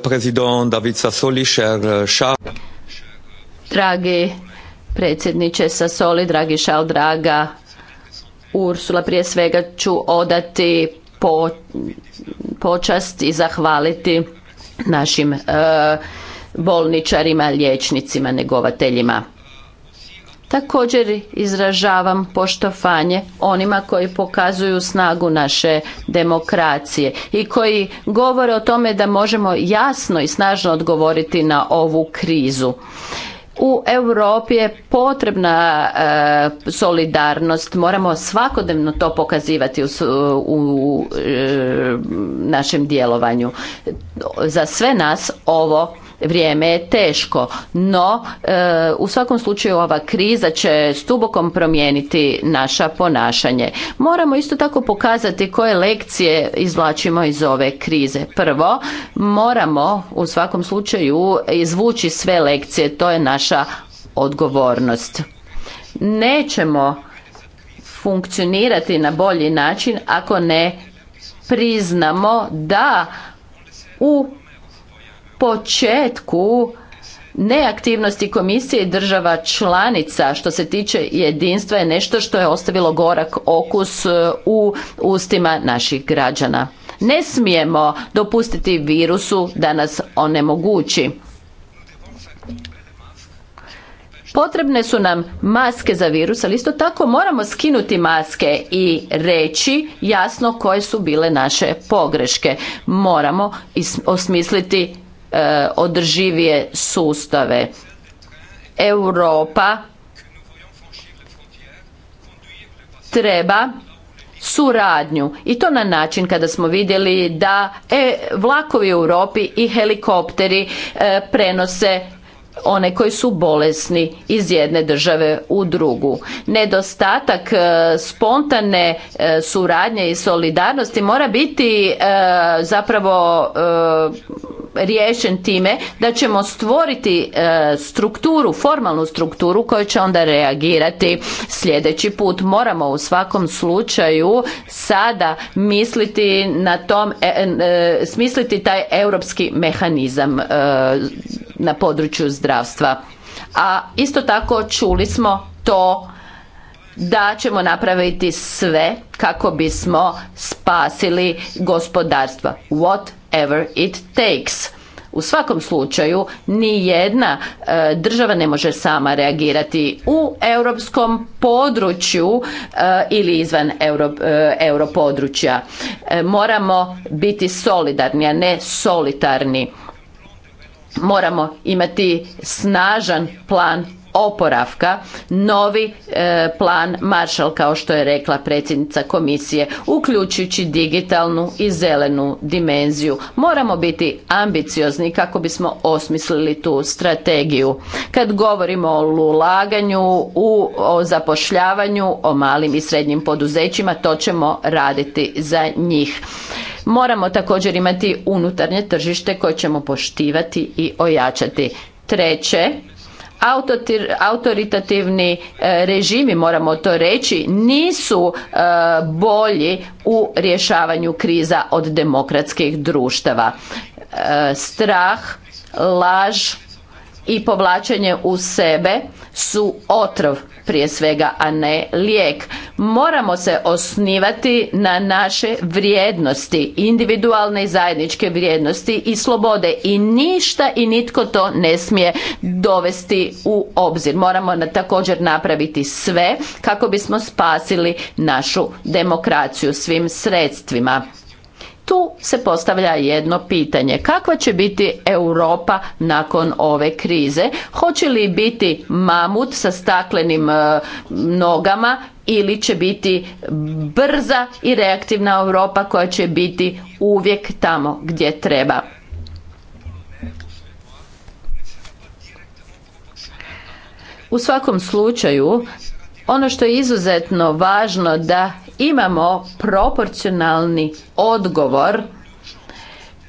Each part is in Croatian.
Prezident David Sassoli, eh, Dragi predsjedniče Sassoli, dragi Šal, draga Ursula, prije svega ću odati počast i zahvaliti našim eh, bolničarima, liječnicima, negovateljima. Također izražavam poštovanje onima koji pokazuju snagu naše demokracije i koji govore o tome da možemo jasno i snažno odgovoriti na ovu krizu. U Europi je potrebna e, solidarnost, moramo svakodnevno to pokazivati u, e, našem djelovanju. Za sve nas ovo vrijeme je teško, no e, u svakom slučaju ova kriza će stubokom promijeniti naša ponašanje. Moramo isto tako pokazati koje lekcije izvlačimo iz ove krize. Prvo, moramo u svakom slučaju izvući sve lekcije, to je naša odgovornost. Nećemo funkcionirati na bolji način ako ne priznamo da u početku neaktivnosti komisije i država članica što se tiče jedinstva je nešto što je ostavilo gorak okus e, u ustima naših građana. Ne smijemo dopustiti virusu da nas onemogući. Potrebne su nam maske za virus, ali isto tako moramo skinuti maske i reći jasno koje su bile naše pogreške. Moramo osmisliti Eh, održivije sustave. Europa treba suradnju i to na način kada smo vidjeli da e, vlakovi u Europi i helikopteri eh, prenose one koji su bolesni iz jedne države u drugu. Nedostatak e, spontane e, suradnje i solidarnosti mora biti e, zapravo riješen time da ćemo stvoriti strukturu, formalnu strukturu koja će onda reagirati sljedeći put. Moramo u svakom slučaju sada misliti na tom, smisliti taj europski mehanizam na području zdravstva. A isto tako čuli smo to da ćemo napraviti sve kako bismo spasili gospodarstva. Whatever it takes. U svakom slučaju ni jedna e, država ne može sama reagirati u europskom području e, ili izvan euro, e, europodručja. E, moramo biti solidarni, a ne solitarni moramo imati snažan plan oporavka novi e, plan Marshall kao što je rekla predsjednica komisije uključujući digitalnu i zelenu dimenziju. Moramo biti ambiciozni kako bismo osmislili tu strategiju. Kad govorimo o ulaganju, u, o zapošljavanju, o malim i srednjim poduzećima, to ćemo raditi za njih. Moramo također imati unutarnje tržište koje ćemo poštivati i ojačati. Treće, autoritativni e, režimi, moramo to reći, nisu e, bolji u rješavanju kriza od demokratskih društava. E, strah, laž, i povlačenje u sebe su otrov prije svega, a ne lijek. Moramo se osnivati na naše vrijednosti, individualne i zajedničke vrijednosti i slobode i ništa i nitko to ne smije dovesti u obzir. Moramo na, također napraviti sve kako bismo spasili našu demokraciju svim sredstvima tu se postavlja jedno pitanje. Kakva će biti Europa nakon ove krize? Hoće li biti mamut sa staklenim e, nogama ili će biti brza i reaktivna Europa koja će biti uvijek tamo gdje treba? U svakom slučaju, ono što je izuzetno važno da imamo proporcionalni odgovor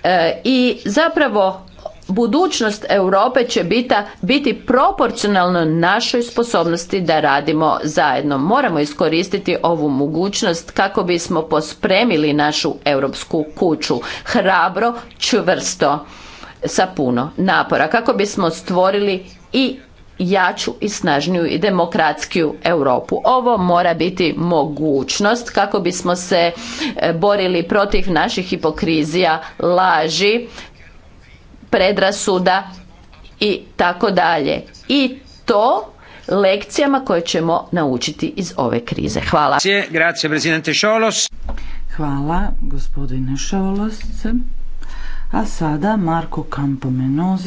e, i zapravo budućnost Europe će bita, biti proporcionalno našoj sposobnosti da radimo zajedno. Moramo iskoristiti ovu mogućnost kako bismo pospremili našu europsku kuću hrabro, čvrsto, sa puno napora kako bismo stvorili i jaču i snažniju i demokratskiju Europu. Ovo mora biti mogućnost kako bismo se e, borili protiv naših hipokrizija, laži, predrasuda i tako dalje. I to lekcijama koje ćemo naučiti iz ove krize. Hvala. Grazie, presidente Hvala, gospodine A sada Marko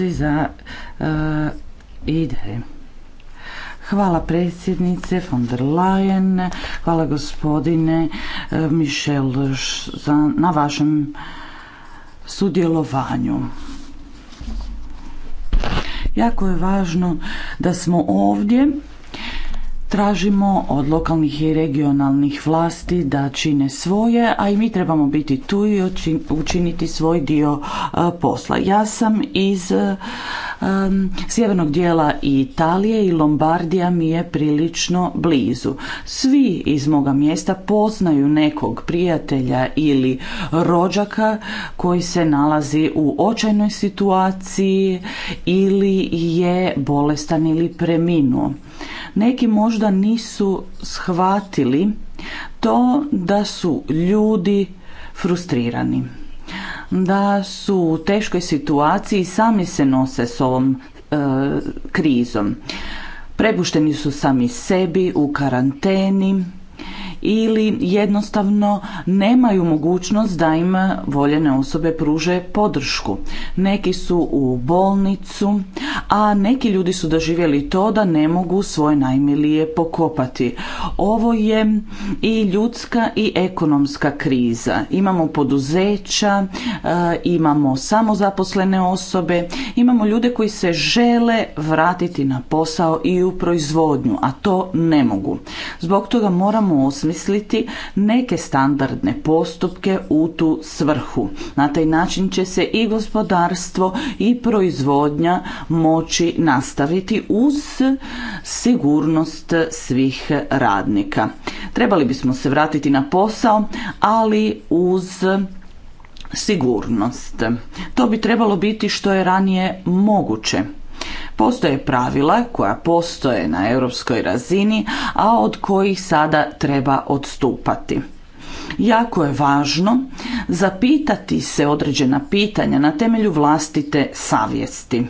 za e, ide. Hvala predsjednice von der Leyen, hvala gospodine eh, Michel na vašem sudjelovanju. Jako je važno da smo ovdje Tražimo od lokalnih i regionalnih vlasti da čine svoje, a i mi trebamo biti tu i učiniti svoj dio e, posla. Ja sam iz e, sjevernog dijela Italije i Lombardija mi je prilično blizu. Svi iz moga mjesta poznaju nekog prijatelja ili rođaka koji se nalazi u očajnoj situaciji ili je bolestan ili preminuo. Neki možda nisu shvatili to da su ljudi frustrirani da su u teškoj situaciji i sami se nose s ovom e, krizom. Prepušteni su sami sebi u karanteni ili jednostavno nemaju mogućnost da im voljene osobe pruže podršku. Neki su u bolnicu, a neki ljudi su doživjeli to da ne mogu svoje najmilije pokopati. Ovo je i ljudska i ekonomska kriza. Imamo poduzeća, eh, imamo samozaposlene osobe, imamo ljude koji se žele vratiti na posao i u proizvodnju, a to ne mogu. Zbog toga moramo osmisliti osmisliti neke standardne postupke u tu svrhu. Na taj način će se i gospodarstvo i proizvodnja moći nastaviti uz sigurnost svih radnika. Trebali bismo se vratiti na posao, ali uz sigurnost. To bi trebalo biti što je ranije moguće. Postoje pravila koja postoje na europskoj razini, a od kojih sada treba odstupati. Jako je važno zapitati se određena pitanja na temelju vlastite savjesti.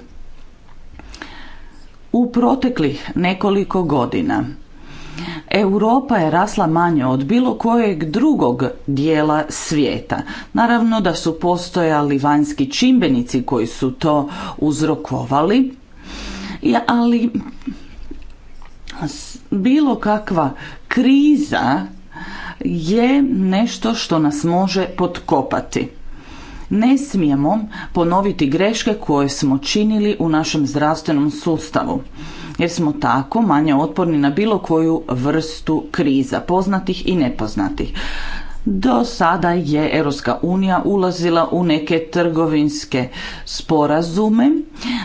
U proteklih nekoliko godina Europa je rasla manje od bilo kojeg drugog dijela svijeta. Naravno da su postojali vanjski čimbenici koji su to uzrokovali, ja, ali bilo kakva kriza je nešto što nas može potkopati. Ne smijemo ponoviti greške koje smo činili u našem zdravstvenom sustavu jer smo tako manje otporni na bilo koju vrstu kriza, poznatih i nepoznatih. Do sada je Europska unija ulazila u neke trgovinske sporazume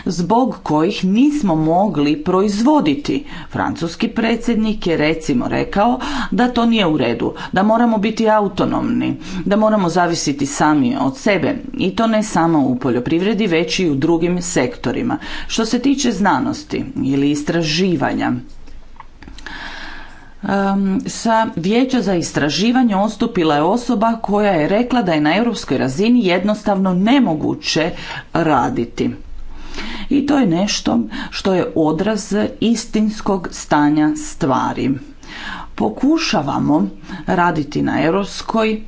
zbog kojih nismo mogli proizvoditi. Francuski predsjednik je recimo rekao da to nije u redu, da moramo biti autonomni, da moramo zavisiti sami od sebe i to ne samo u poljoprivredi već i u drugim sektorima. Što se tiče znanosti ili istraživanja, sa vijeća za istraživanje ostupila je osoba koja je rekla da je na europskoj razini jednostavno nemoguće raditi. I to je nešto što je odraz istinskog stanja stvari. Pokušavamo raditi na europskoj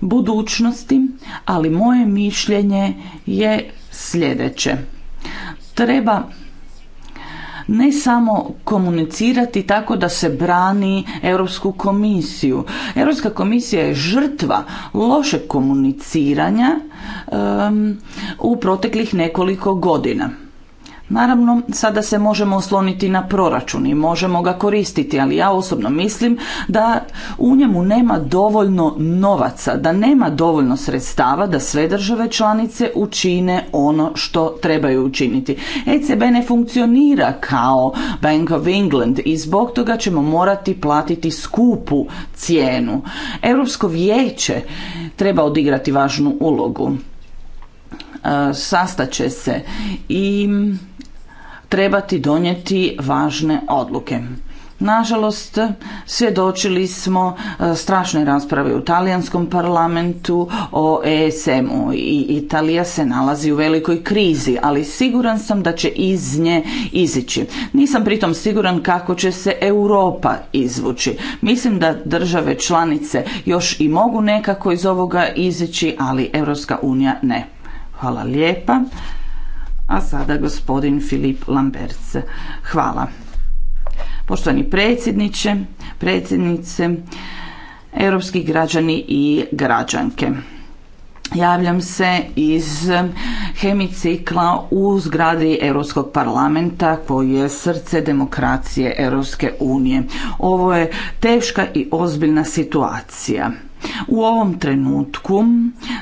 budućnosti, ali moje mišljenje je sljedeće. Treba ne samo komunicirati tako da se brani Europsku komisiju. Europska komisija je žrtva lošeg komuniciranja um, u proteklih nekoliko godina. Naravno, sada se možemo osloniti na proračun i možemo ga koristiti, ali ja osobno mislim da u njemu nema dovoljno novaca, da nema dovoljno sredstava da sve države članice učine ono što trebaju učiniti. ECB ne funkcionira kao Bank of England i zbog toga ćemo morati platiti skupu cijenu. Europsko vijeće treba odigrati važnu ulogu. E, Sastaće se i trebati donijeti važne odluke. Nažalost, svjedočili smo e, strašne rasprave u talijanskom parlamentu o ESM-u i Italija se nalazi u velikoj krizi, ali siguran sam da će iz nje izići. Nisam pritom siguran kako će se Europa izvući. Mislim da države članice još i mogu nekako iz ovoga izići, ali Europska unija ne. Hvala lijepa a sada gospodin Filip Lamberts. Hvala. Poštovani predsjedniče, predsjednice, europski građani i građanke. Javljam se iz hemicikla u zgradi Europskog parlamenta koji je srce demokracije Europske unije. Ovo je teška i ozbiljna situacija. U ovom trenutku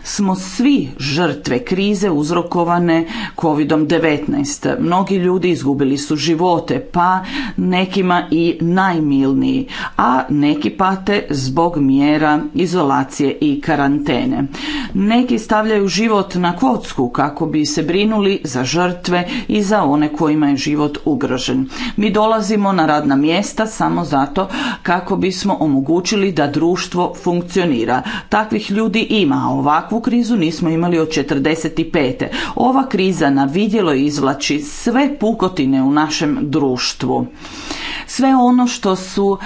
smo svi žrtve krize uzrokovane COVID-19. Mnogi ljudi izgubili su živote, pa nekima i najmilniji, a neki pate zbog mjera izolacije i karantene. Neki stavljaju život na kocku kako bi se brinuli za žrtve i za one kojima je život ugrožen. Mi dolazimo na radna mjesta samo zato kako bismo omogućili da društvo funkcionira funkcionira. Takvih ljudi ima, a ovakvu krizu nismo imali od 45. Ova kriza na vidjelo izvlači sve pukotine u našem društvu. Sve ono što su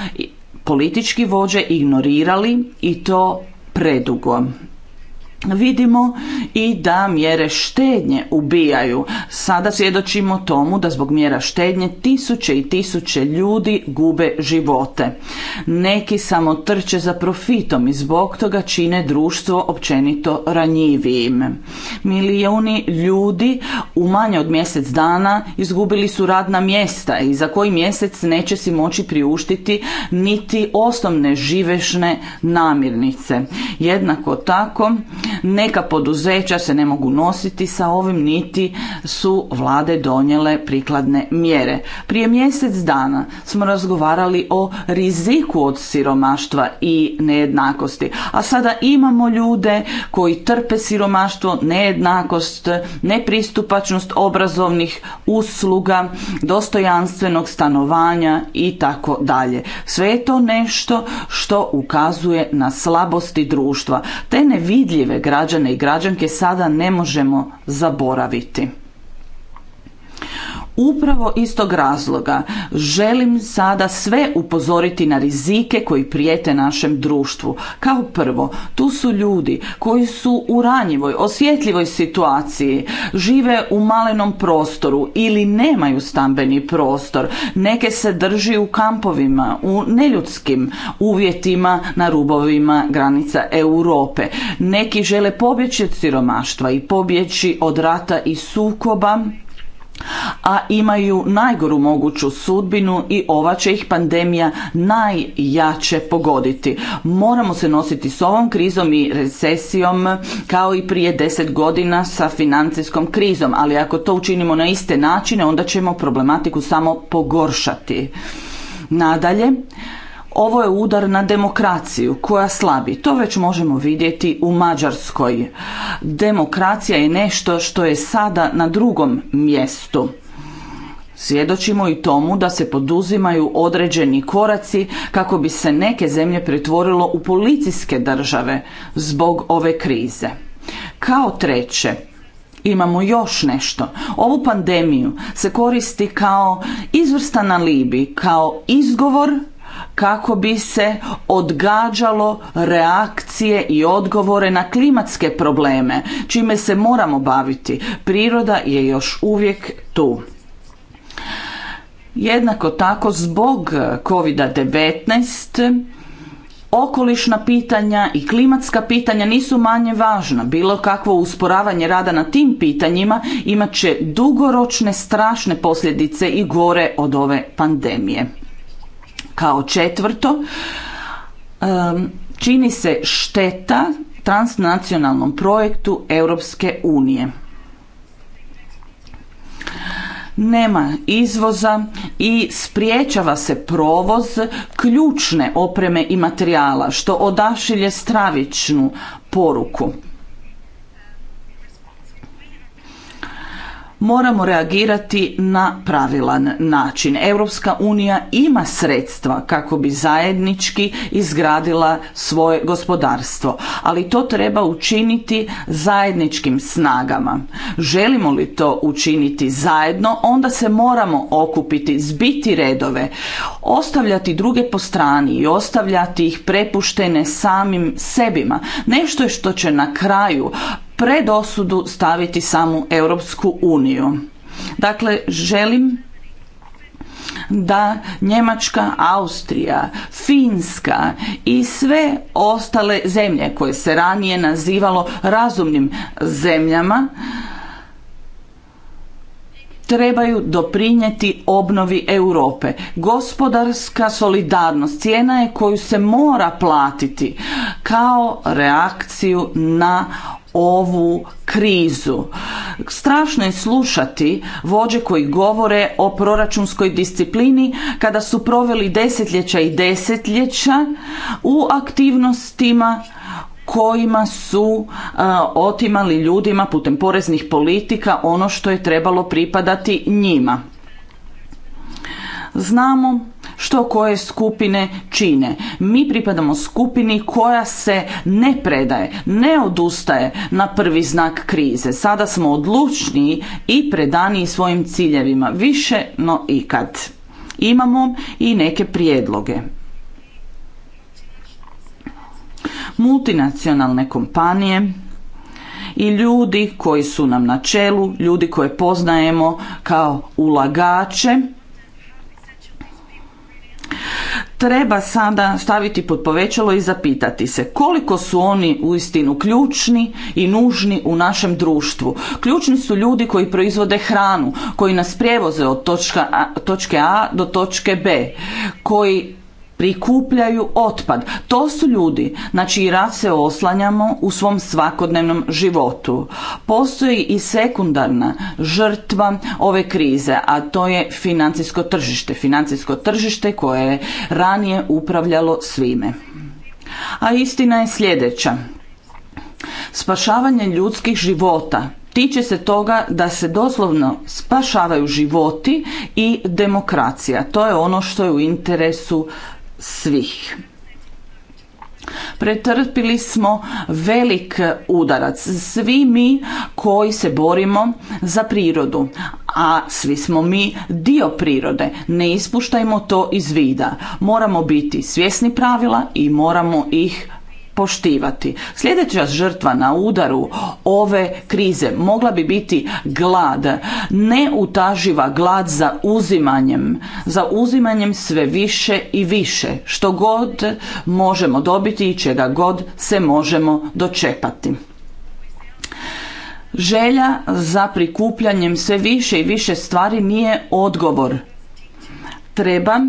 politički vođe ignorirali i to predugo vidimo i da mjere štednje ubijaju. Sada svjedočimo tomu da zbog mjera štednje tisuće i tisuće ljudi gube živote. Neki samo trče za profitom i zbog toga čine društvo općenito ranjivijim. Milijuni ljudi u manje od mjesec dana izgubili su radna mjesta i za koji mjesec neće si moći priuštiti niti osnovne živešne namirnice. Jednako tako neka poduzeća se ne mogu nositi sa ovim niti su vlade donijele prikladne mjere. Prije mjesec dana smo razgovarali o riziku od siromaštva i nejednakosti, a sada imamo ljude koji trpe siromaštvo, nejednakost, nepristupačnost obrazovnih usluga, dostojanstvenog stanovanja i tako dalje. Sve je to nešto što ukazuje na slabosti društva. Te nevidljive građane i građanke sada ne možemo zaboraviti. Upravo iz tog razloga želim sada sve upozoriti na rizike koji prijete našem društvu. Kao prvo, tu su ljudi koji su u ranjivoj, osjetljivoj situaciji, žive u malenom prostoru ili nemaju stambeni prostor. Neke se drži u kampovima, u neljudskim uvjetima na rubovima granica Europe. Neki žele pobjeći od siromaštva i pobjeći od rata i sukoba a imaju najgoru moguću sudbinu i ova će ih pandemija najjače pogoditi. Moramo se nositi s ovom krizom i recesijom kao i prije deset godina sa financijskom krizom, ali ako to učinimo na iste načine onda ćemo problematiku samo pogoršati. Nadalje, ovo je udar na demokraciju koja slabi. To već možemo vidjeti u Mađarskoj. Demokracija je nešto što je sada na drugom mjestu. Svjedočimo i tomu da se poduzimaju određeni koraci kako bi se neke zemlje pretvorilo u policijske države zbog ove krize. Kao treće, imamo još nešto. Ovu pandemiju se koristi kao izvrstan alibi, kao izgovor kako bi se odgađalo reakcije i odgovore na klimatske probleme, čime se moramo baviti. Priroda je još uvijek tu. Jednako tako zbog COVID-19 okolišna pitanja i klimatska pitanja nisu manje važna. Bilo kakvo usporavanje rada na tim pitanjima imat će dugoročne strašne posljedice i gore od ove pandemije. Kao četvrto, čini se šteta transnacionalnom projektu Europske unije. Nema izvoza i spriječava se provoz ključne opreme i materijala što odašilje stravičnu poruku moramo reagirati na pravilan način. Europska unija ima sredstva kako bi zajednički izgradila svoje gospodarstvo, ali to treba učiniti zajedničkim snagama. Želimo li to učiniti zajedno, onda se moramo okupiti, zbiti redove, ostavljati druge po strani i ostavljati ih prepuštene samim sebima. Nešto je što će na kraju pred osudu staviti samu Europsku uniju. Dakle, želim da Njemačka, Austrija, Finska i sve ostale zemlje koje se ranije nazivalo razumnim zemljama trebaju doprinijeti obnovi Europe. Gospodarska solidarnost cijena je koju se mora platiti kao reakciju na ovu krizu. Strašno je slušati vođe koji govore o proračunskoj disciplini kada su proveli desetljeća i desetljeća u aktivnostima kojima su otimali ljudima putem poreznih politika ono što je trebalo pripadati njima. Znamo što koje skupine čine. Mi pripadamo skupini koja se ne predaje, ne odustaje na prvi znak krize. Sada smo odlučniji i predani svojim ciljevima, više no ikad. Imamo i neke prijedloge. Multinacionalne kompanije, i ljudi koji su nam na čelu, ljudi koje poznajemo kao ulagače treba sada staviti pod povećalo i zapitati se koliko su oni uistinu ključni i nužni u našem društvu. Ključni su ljudi koji proizvode hranu, koji nas prijevoze od točke A do točke B, koji prikupljaju otpad. To su ljudi Znači i rad se oslanjamo u svom svakodnevnom životu. Postoji i sekundarna žrtva ove krize, a to je financijsko tržište. Financijsko tržište koje je ranije upravljalo svime. A istina je sljedeća. Spašavanje ljudskih života tiče se toga da se doslovno spašavaju životi i demokracija. To je ono što je u interesu svih. Pretrpili smo velik udarac. Svi mi koji se borimo za prirodu, a svi smo mi dio prirode. Ne ispuštajmo to iz vida. Moramo biti svjesni pravila i moramo ih poštivati. Sljedeća žrtva na udaru ove krize mogla bi biti glad, neutaživa glad za uzimanjem, za uzimanjem sve više i više, što god možemo dobiti i čega god se možemo dočepati. Želja za prikupljanjem sve više i više stvari nije odgovor. Treba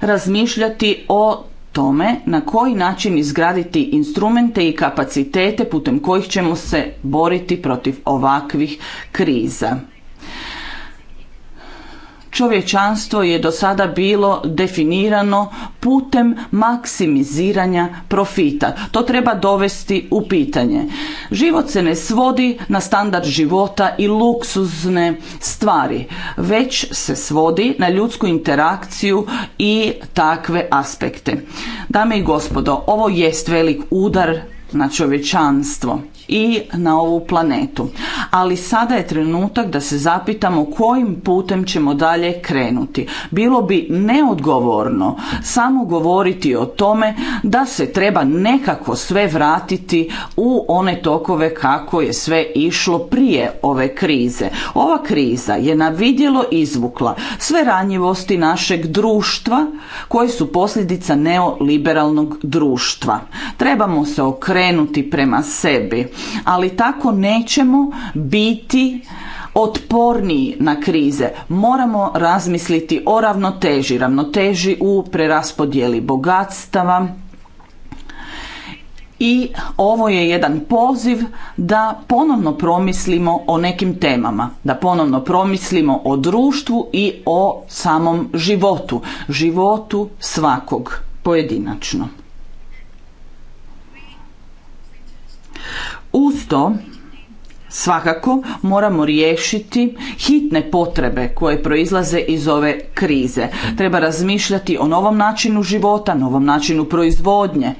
razmišljati o tome na koji način izgraditi instrumente i kapacitete putem kojih ćemo se boriti protiv ovakvih kriza čovječanstvo je do sada bilo definirano putem maksimiziranja profita. To treba dovesti u pitanje. Život se ne svodi na standard života i luksuzne stvari, već se svodi na ljudsku interakciju i takve aspekte. Dame i gospodo, ovo jest velik udar na znači čovječanstvo i na ovu planetu. Ali sada je trenutak da se zapitamo kojim putem ćemo dalje krenuti. Bilo bi neodgovorno samo govoriti o tome da se treba nekako sve vratiti u one tokove kako je sve išlo prije ove krize. Ova kriza je na vidjelo izvukla sve ranjivosti našeg društva koje su posljedica neoliberalnog društva. Trebamo se okrenuti okrenuti prema sebi, ali tako nećemo biti otporniji na krize. Moramo razmisliti o ravnoteži, ravnoteži u preraspodjeli bogatstava, i ovo je jedan poziv da ponovno promislimo o nekim temama, da ponovno promislimo o društvu i o samom životu, životu svakog pojedinačno. Uz to svakako moramo riješiti hitne potrebe koje proizlaze iz ove krize. Treba razmišljati o novom načinu života, novom načinu proizvodnje,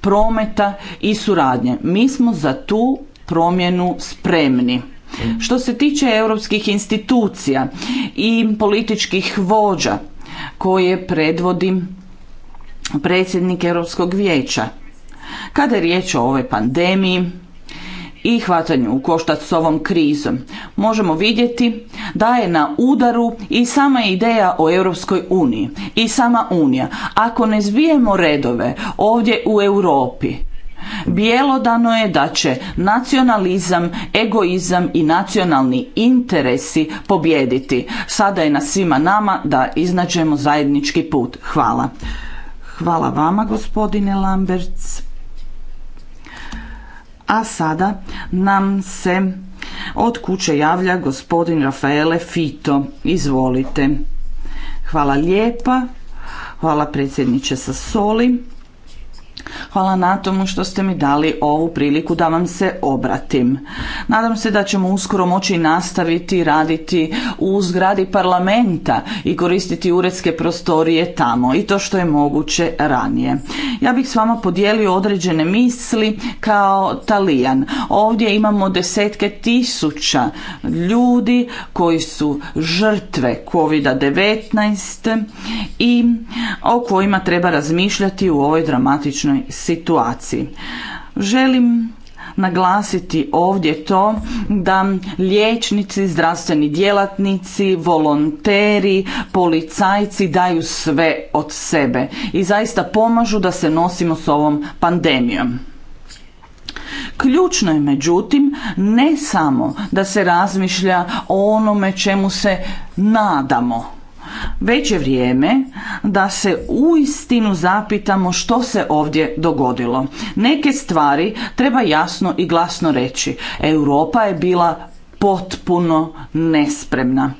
prometa i suradnje. Mi smo za tu promjenu spremni. Što se tiče europskih institucija i političkih vođa koje predvodi predsjednik Europskog vijeća, kada je riječ o ovoj pandemiji, i hvatanju u koštac s ovom krizom. Možemo vidjeti da je na udaru i sama ideja o Europskoj uniji i sama Unija. Ako ne zbijemo redove ovdje u Europi, Bjelodano je da će nacionalizam, egoizam i nacionalni interesi pobijediti. Sada je na svima nama da iznađemo zajednički put. Hvala. Hvala vama gospodine Lamberts. A sada nam se od kuće javlja gospodin Rafaele Fito. Izvolite. Hvala lijepa. Hvala predsjedniče sa soli. Hvala na tomu što ste mi dali ovu priliku da vam se obratim. Nadam se da ćemo uskoro moći nastaviti raditi u zgradi parlamenta i koristiti uredske prostorije tamo i to što je moguće ranije. Ja bih s vama podijelio određene misli kao talijan. Ovdje imamo desetke tisuća ljudi koji su žrtve COVID-19 i o kojima treba razmišljati u ovoj dramatičnoj situaciji. Želim naglasiti ovdje to da liječnici, zdravstveni djelatnici, volonteri, policajci daju sve od sebe i zaista pomažu da se nosimo s ovom pandemijom. Ključno je međutim ne samo da se razmišlja o onome čemu se nadamo, već je vrijeme da se uistinu zapitamo što se ovdje dogodilo. Neke stvari treba jasno i glasno reći. Europa je bila potpuno nespremna.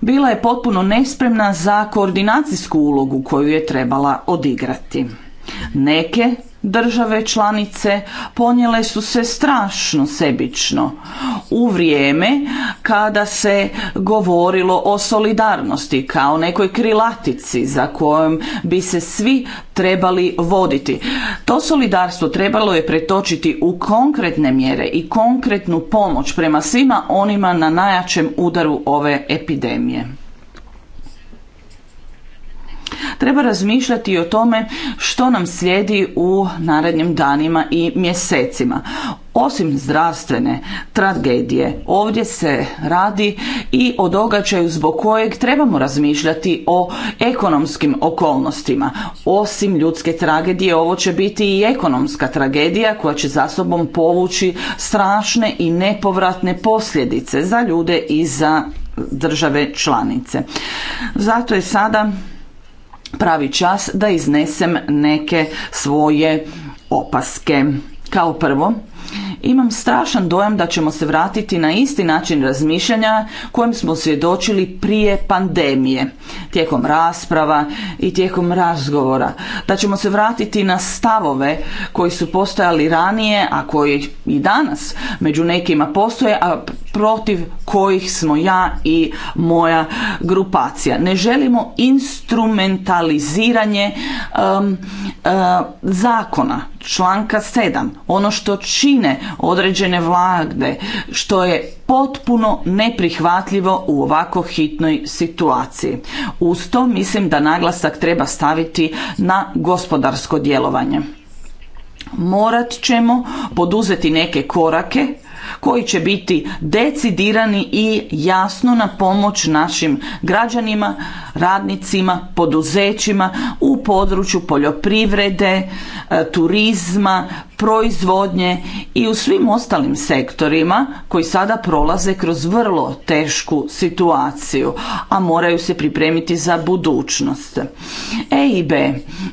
Bila je potpuno nespremna za koordinacijsku ulogu koju je trebala odigrati. Neke države članice ponijele su se strašno sebično u vrijeme kada se govorilo o solidarnosti kao nekoj krilatici za kojom bi se svi trebali voditi. To solidarstvo trebalo je pretočiti u konkretne mjere i konkretnu pomoć prema svima onima na najjačem udaru ove epidemije treba razmišljati o tome što nam slijedi u narednim danima i mjesecima. Osim zdravstvene tragedije, ovdje se radi i o događaju zbog kojeg trebamo razmišljati o ekonomskim okolnostima. Osim ljudske tragedije, ovo će biti i ekonomska tragedija koja će za sobom povući strašne i nepovratne posljedice za ljude i za države članice. Zato je sada pravi čas da iznesem neke svoje opaske. Kao prvo, imam strašan dojam da ćemo se vratiti na isti način razmišljanja kojem smo svjedočili prije pandemije, tijekom rasprava i tijekom razgovora. Da ćemo se vratiti na stavove koji su postojali ranije, a koji i danas među nekima postoje, a protiv kojih smo ja i moja grupacija. Ne želimo instrumentaliziranje um, uh, zakona, članka 7. Ono što čini određene vlade, što je potpuno neprihvatljivo u ovako hitnoj situaciji. Uz to mislim da naglasak treba staviti na gospodarsko djelovanje. Morat ćemo poduzeti neke korake koji će biti decidirani i jasno na pomoć našim građanima, radnicima, poduzećima u području poljoprivrede, e, turizma, proizvodnje i u svim ostalim sektorima koji sada prolaze kroz vrlo tešku situaciju, a moraju se pripremiti za budućnost. EIB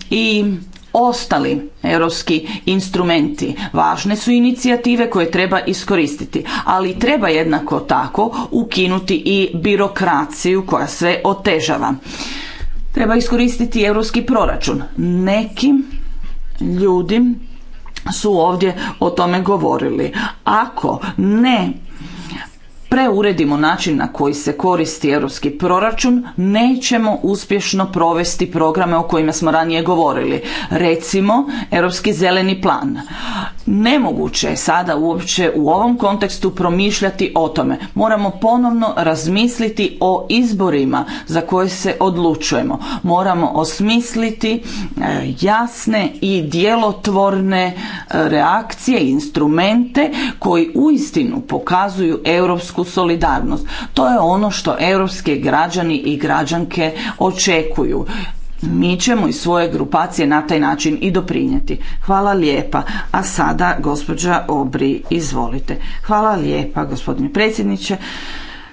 i ostali europski instrumenti. Važne su inicijative koje treba iskoristiti, ali treba jednako tako ukinuti i birokraciju koja sve otežava. Treba iskoristiti europski proračun. Neki ljudi su ovdje o tome govorili. Ako ne preuredimo način na koji se koristi europski proračun, nećemo uspješno provesti programe o kojima smo ranije govorili. Recimo, europski zeleni plan. Nemoguće je sada uopće u ovom kontekstu promišljati o tome. Moramo ponovno razmisliti o izborima za koje se odlučujemo. Moramo osmisliti e, jasne i djelotvorne e, reakcije i instrumente koji uistinu pokazuju europsku europsku solidarnost. To je ono što europske građani i građanke očekuju. Mi ćemo i svoje grupacije na taj način i doprinijeti. Hvala lijepa. A sada gospođa Obri, izvolite. Hvala lijepa gospodine predsjedniče,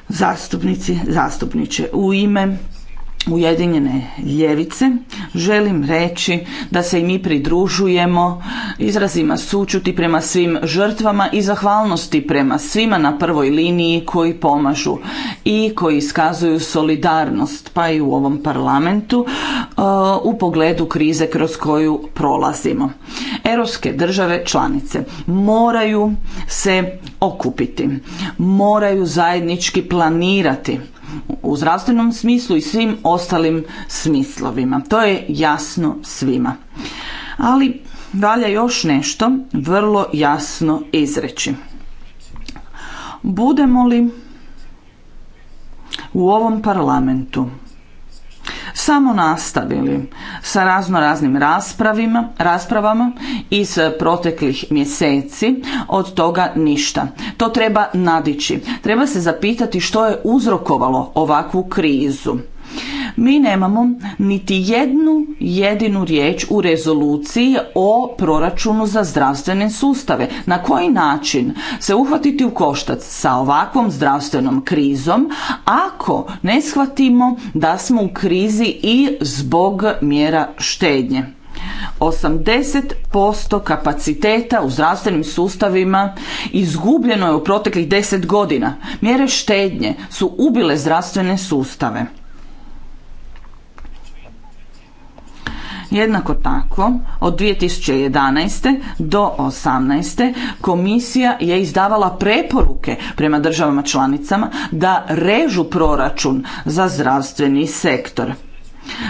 zastupnici, zastupniče. U ime Ujedinjene ljevice želim reći da se i mi pridružujemo izrazima sućuti prema svim žrtvama i zahvalnosti prema svima na prvoj liniji koji pomažu i koji iskazuju solidarnost pa i u ovom parlamentu e, u pogledu krize kroz koju prolazimo. Europske države članice moraju se okupiti, moraju zajednički planirati u zdravstvenom smislu i svim ostalim smislovima. To je jasno svima. Ali valja još nešto vrlo jasno izreći. Budemo li u ovom parlamentu samo nastavili sa razno raznim raspravima, raspravama iz proteklih mjeseci, od toga ništa. To treba nadići. Treba se zapitati što je uzrokovalo ovakvu krizu. Mi nemamo niti jednu jedinu riječ u rezoluciji o proračunu za zdravstvene sustave. Na koji način se uhvatiti u koštac sa ovakvom zdravstvenom krizom ako ne shvatimo da smo u krizi i zbog mjera štednje. 80% kapaciteta u zdravstvenim sustavima izgubljeno je u proteklih 10 godina. Mjere štednje su ubile zdravstvene sustave. Jednako tako, od 2011. do 2018. komisija je izdavala preporuke prema državama članicama da režu proračun za zdravstveni sektor.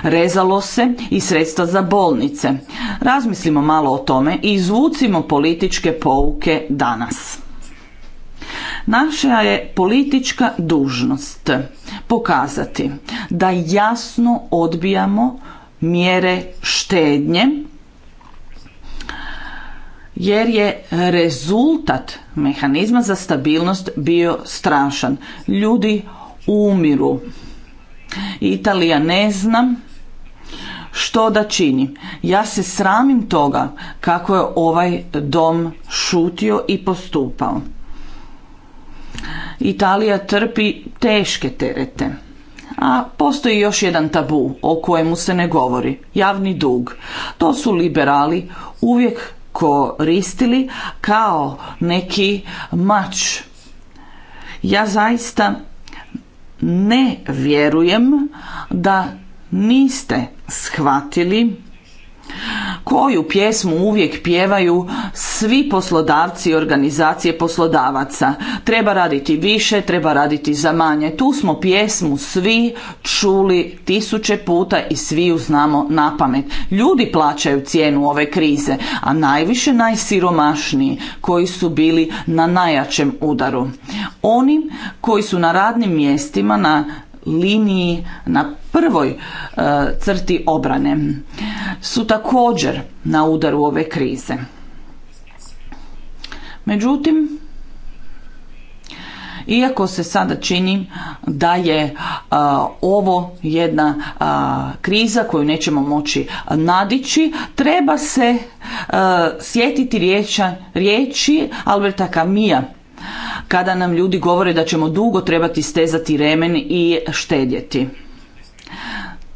Rezalo se i sredstva za bolnice. Razmislimo malo o tome i izvucimo političke pouke danas. Naša je politička dužnost pokazati da jasno odbijamo mjere štednje jer je rezultat mehanizma za stabilnost bio strašan. Ljudi umiru. Italija ne zna što da čini. Ja se sramim toga kako je ovaj dom šutio i postupao. Italija trpi teške terete. A postoji još jedan tabu o kojemu se ne govori, javni dug. To su liberali uvijek koristili kao neki mač. Ja zaista ne vjerujem da niste shvatili koju pjesmu uvijek pjevaju svi poslodavci i organizacije poslodavaca. Treba raditi više, treba raditi za manje. Tu smo pjesmu svi čuli tisuće puta i svi ju znamo na pamet. Ljudi plaćaju cijenu ove krize, a najviše najsiromašniji koji su bili na najjačem udaru. Oni koji su na radnim mjestima na liniji na prvoj e, crti obrane su također na udaru ove krize. Međutim, iako se sada čini da je e, ovo jedna e, kriza koju nećemo moći nadići, treba se sjetiti riječa, riječi Alberta Kamija kada nam ljudi govore da ćemo dugo trebati stezati remen i štedjeti.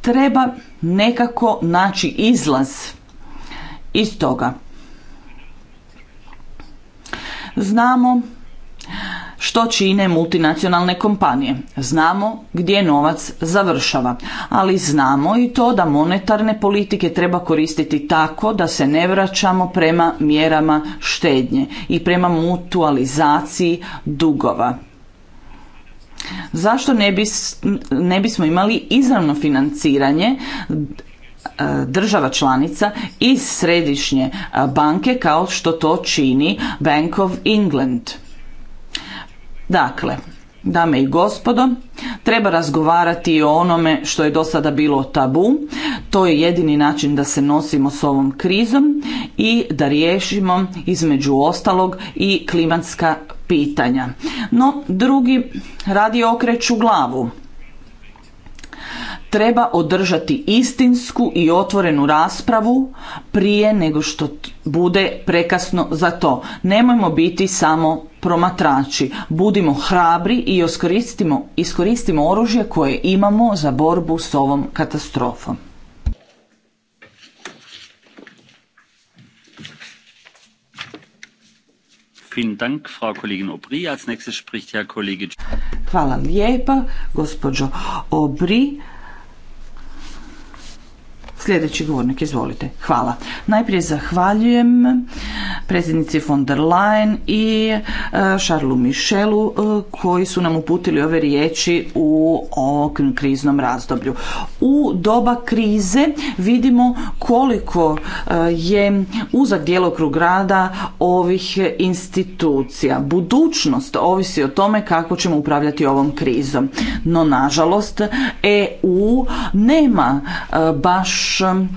Treba nekako naći izlaz iz toga. Znamo što čine multinacionalne kompanije. Znamo gdje novac završava, ali znamo i to da monetarne politike treba koristiti tako da se ne vraćamo prema mjerama štednje i prema mutualizaciji dugova. Zašto ne, ne bismo imali izravno financiranje e, država članica iz središnje e, banke kao što to čini Bank of England? Dakle, dame i gospodo, treba razgovarati o onome što je do sada bilo tabu. To je jedini način da se nosimo s ovom krizom i da riješimo između ostalog i klimatska pitanja. No, drugi radi okreću glavu treba održati istinsku i otvorenu raspravu prije nego što bude prekasno za to. Nemojmo biti samo promatrači. Budimo hrabri i iskoristimo, iskoristimo oružje koje imamo za borbu s ovom katastrofom. Hvala lijepa, gospođo Obri. Sljedeći govornik, izvolite. Hvala. Najprije zahvaljujem predsjednici von der Leyen i e, Charlesu Michelu e, koji su nam uputili ove riječi u ovom kriznom razdoblju. U doba krize vidimo koliko e, je uzak djelokrug rada ovih institucija. Budućnost ovisi o tome kako ćemo upravljati ovom krizom. No, nažalost, EU nema baš Um,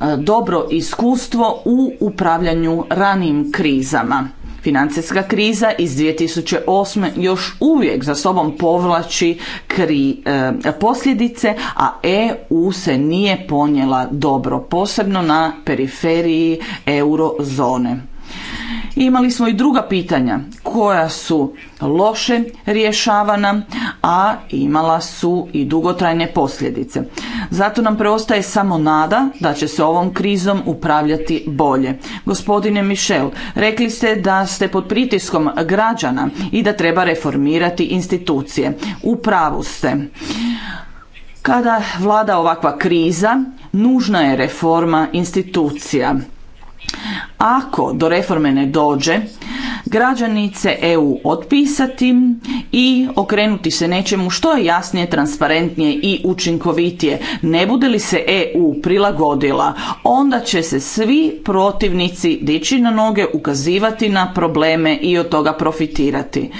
e, dobro iskustvo u upravljanju ranim krizama. Financijska kriza iz 2008. još uvijek za sobom povlači kri, e, posljedice, a EU se nije ponijela dobro, posebno na periferiji eurozone. Imali smo i druga pitanja koja su loše rješavana, a imala su i dugotrajne posljedice. Zato nam preostaje samo nada da će se ovom krizom upravljati bolje. Gospodine Michel, rekli ste da ste pod pritiskom građana i da treba reformirati institucije. U pravu ste. Kada vlada ovakva kriza, nužna je reforma institucija. Ako do reforme ne dođe, Građanice EU otpisati i okrenuti se nečemu što je jasnije, transparentnije i učinkovitije. Ne bude li se EU prilagodila, onda će se svi protivnici dići na noge, ukazivati na probleme i od toga profitirati.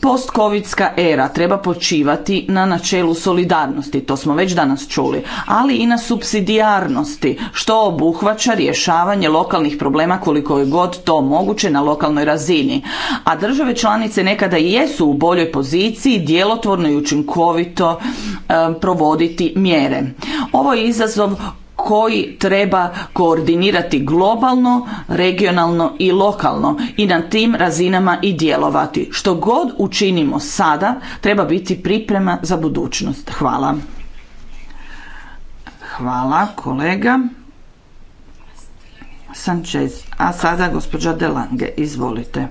Postkovidska era treba počivati na načelu solidarnosti, to smo već danas čuli, ali i na subsidijarnosti, što obuhvaća rješavanje lokalnih problema koliko je god to moguće na lokalnoj razini. A države članice nekada i jesu u boljoj poziciji djelotvorno i učinkovito e, provoditi mjere. Ovo je izazov koji treba koordinirati globalno, regionalno i lokalno i na tim razinama i djelovati. Što god učinimo sada treba biti priprema za budućnost. Hvala. Hvala kolega. Sanchez. A sada gospođa Delange, izvolite.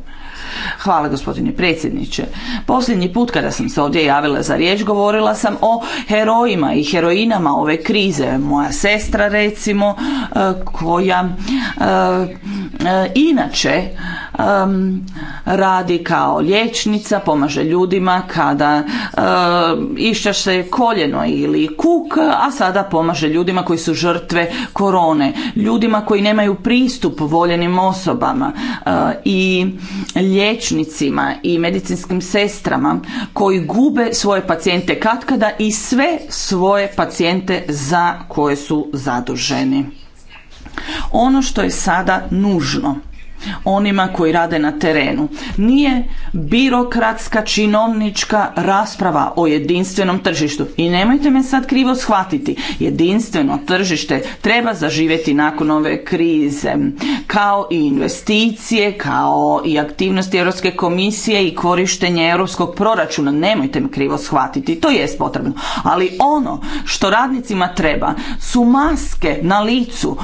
Hvala gospodine predsjedniče. Posljednji put kada sam se ovdje javila za riječ govorila sam o herojima i heroinama ove krize. Moja sestra recimo e, koja e, e, inače um, radi kao liječnica, pomaže ljudima kada um, se koljeno ili kuk, a sada pomaže ljudima koji su žrtve korone, ljudima koji nemaju pristup voljenim osobama eh, i liječnicima i medicinskim sestrama koji gube svoje pacijente katkada i sve svoje pacijente za koje su zaduženi. Ono što je sada nužno onima koji rade na terenu. Nije birokratska, činovnička rasprava o jedinstvenom tržištu. I nemojte me sad krivo shvatiti. Jedinstveno tržište treba zaživjeti nakon ove krize. Kao i investicije, kao i aktivnosti Europske komisije i korištenje europskog proračuna. Nemojte me krivo shvatiti. To jest potrebno. Ali ono što radnicima treba su maske na licu,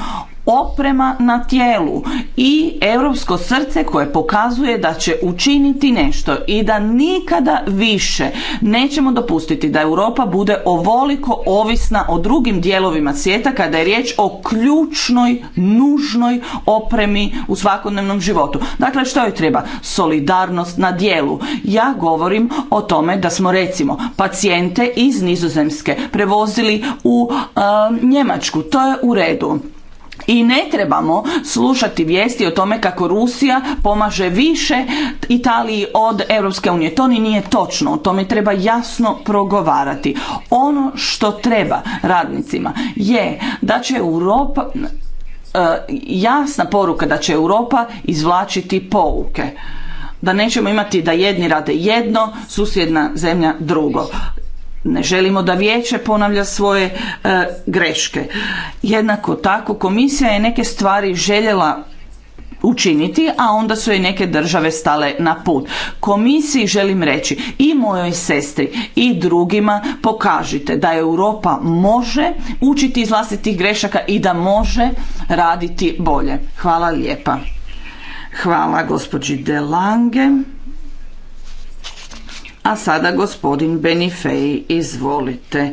oprema na tijelu i europsko srce koje pokazuje da će učiniti nešto i da nikada više nećemo dopustiti da Europa bude ovoliko ovisna o drugim dijelovima svijeta kada je riječ o ključnoj, nužnoj opremi u svakodnevnom životu. Dakle, što joj treba? Solidarnost na dijelu. Ja govorim o tome da smo recimo pacijente iz Nizozemske prevozili u Njemačku. To je u redu i ne trebamo slušati vijesti o tome kako Rusija pomaže više Italiji od Europske unije. To ni nije točno, o tome treba jasno progovarati. Ono što treba radnicima je da će Europa e, jasna poruka da će Europa izvlačiti pouke da nećemo imati da jedni rade jedno, susjedna zemlja drugo ne želimo da vijeće ponavlja svoje e, greške. Jednako tako komisija je neke stvari željela učiniti, a onda su i neke države stale na put. Komisiji želim reći i mojoj sestri i drugima pokažite da Europa može učiti iz vlastitih grešaka i da može raditi bolje. Hvala lijepa. Hvala gospođi Delange. A sada gospodin Benifej, izvolite.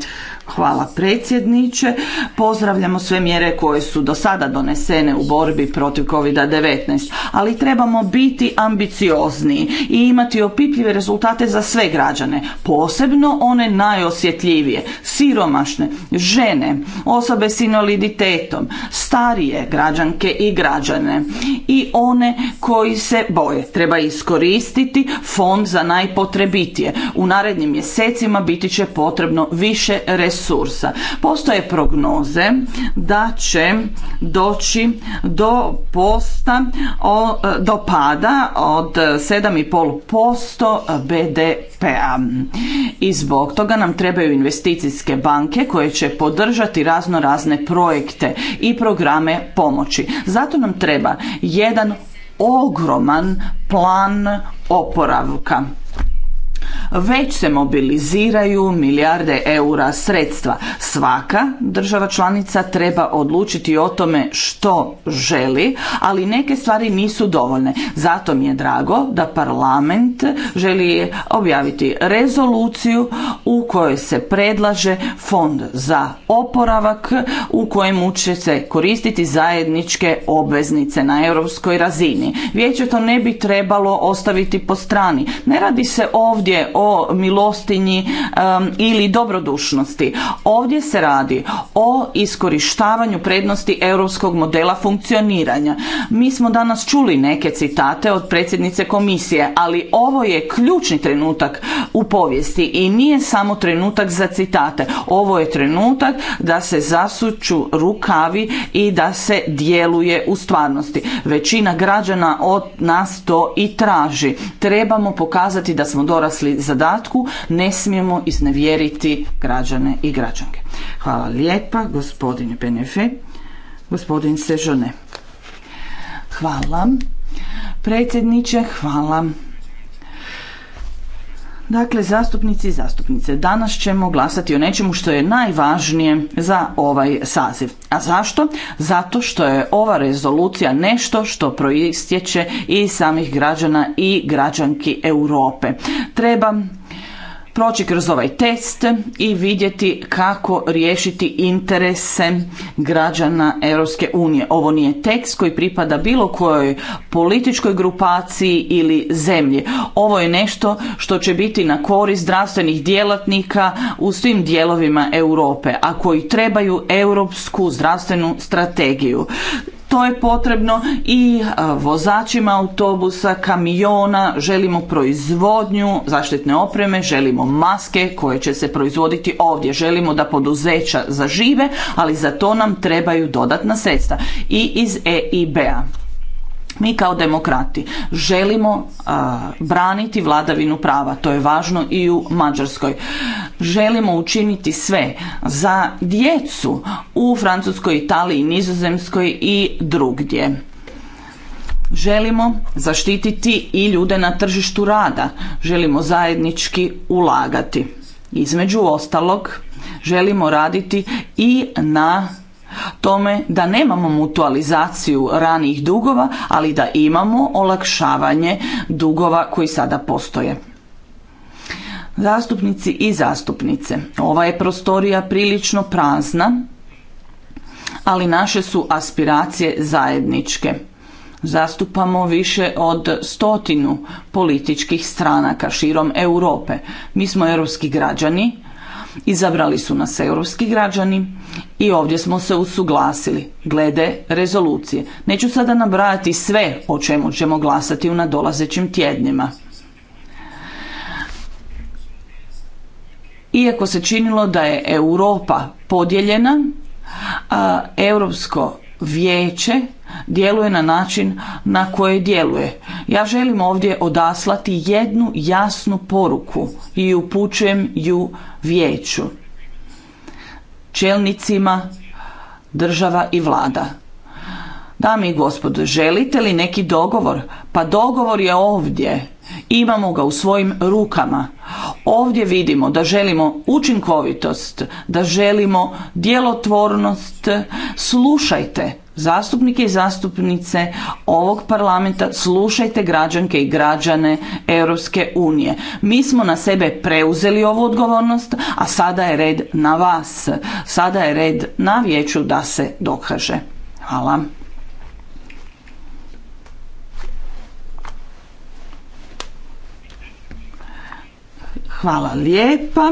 Hvala predsjedniče. Pozdravljamo sve mjere koje su do sada donesene u borbi protiv COVID-19, ali trebamo biti ambiciozni i imati opipljive rezultate za sve građane, posebno one najosjetljivije, siromašne, žene, osobe s invaliditetom, starije građanke i građane i one koji se boje. Treba iskoristiti fond za najpotrebitije. U narednim mjesecima biti će potrebno više resursa resursa. Postoje prognoze da će doći do posta, do pada od 7,5% BDP-a. I zbog toga nam trebaju investicijske banke koje će podržati razno razne projekte i programe pomoći. Zato nam treba jedan ogroman plan oporavka već se mobiliziraju milijarde eura sredstva. Svaka država članica treba odlučiti o tome što želi, ali neke stvari nisu dovoljne. Zato mi je drago da parlament želi objaviti rezoluciju u kojoj se predlaže fond za oporavak u kojemu će se koristiti zajedničke obveznice na europskoj razini. Vijeće to ne bi trebalo ostaviti po strani. Ne radi se ovdje ovdje o milostinji ili dobrodušnosti. Ovdje se radi o iskorištavanju prednosti europskog modela funkcioniranja. Mi smo danas čuli neke citate od predsjednice komisije, ali ovo je ključni trenutak u povijesti i nije samo trenutak za citate. Ovo je trenutak da se zasuču rukavi i da se djeluje u stvarnosti. Većina građana od nas to i traži. Trebamo pokazati da smo dorasli zadatku, ne smijemo iznevjeriti građane i građanke. Hvala lijepa, gospodine Benefe, gospodin Sežone. Hvala. Predsjedniče, hvala Dakle, zastupnici i zastupnice, danas ćemo glasati o nečemu što je najvažnije za ovaj saziv. A zašto? Zato što je ova rezolucija nešto što proistječe i samih građana i građanki Europe. Treba proći kroz ovaj test i vidjeti kako riješiti interese građana Europske unije. Ovo nije tekst koji pripada bilo kojoj političkoj grupaciji ili zemlji. Ovo je nešto što će biti na korist zdravstvenih djelatnika u svim dijelovima Europe, a koji trebaju europsku zdravstvenu strategiju. To je potrebno i e, vozačima autobusa, kamiona, želimo proizvodnju zaštitne opreme, želimo maske koje će se proizvoditi ovdje, želimo da poduzeća zažive, ali za to nam trebaju dodatna sredstva i iz EIB-a. Mi kao demokrati želimo braniti vladavinu prava, to je važno i u Mađarskoj. Želimo učiniti sve za djecu u Francuskoj, Italiji, Nizozemskoj i drugdje. Želimo zaštititi i ljude na tržištu rada, želimo zajednički ulagati. Između ostalog, želimo raditi i na tome da nemamo mutualizaciju ranijih dugova, ali da imamo olakšavanje dugova koji sada postoje. Zastupnici i zastupnice, ova je prostorija prilično prazna, ali naše su aspiracije zajedničke. Zastupamo više od stotinu političkih stranaka širom Europe. Mi smo europski građani, Izabrali su nas europski građani i ovdje smo se usuglasili glede rezolucije. Neću sada nabrajati sve o čemu ćemo glasati u nadolazećim tjednima. Iako se činilo da je Europa podijeljena, a Europsko vijeće djeluje na način na koji djeluje. Ja želim ovdje odaslati jednu jasnu poruku i upućujem ju vijeću, čelnicima država i vlada. Dami i gospodo, želite li neki dogovor? Pa dogovor je ovdje. Imamo ga u svojim rukama. Ovdje vidimo da želimo učinkovitost, da želimo djelotvornost. Slušajte zastupnike i zastupnice ovog parlamenta, slušajte građanke i građane Europske unije. Mi smo na sebe preuzeli ovu odgovornost, a sada je red na vas. Sada je red na vijeću da se dokaže. Hvala. Hvala lijepa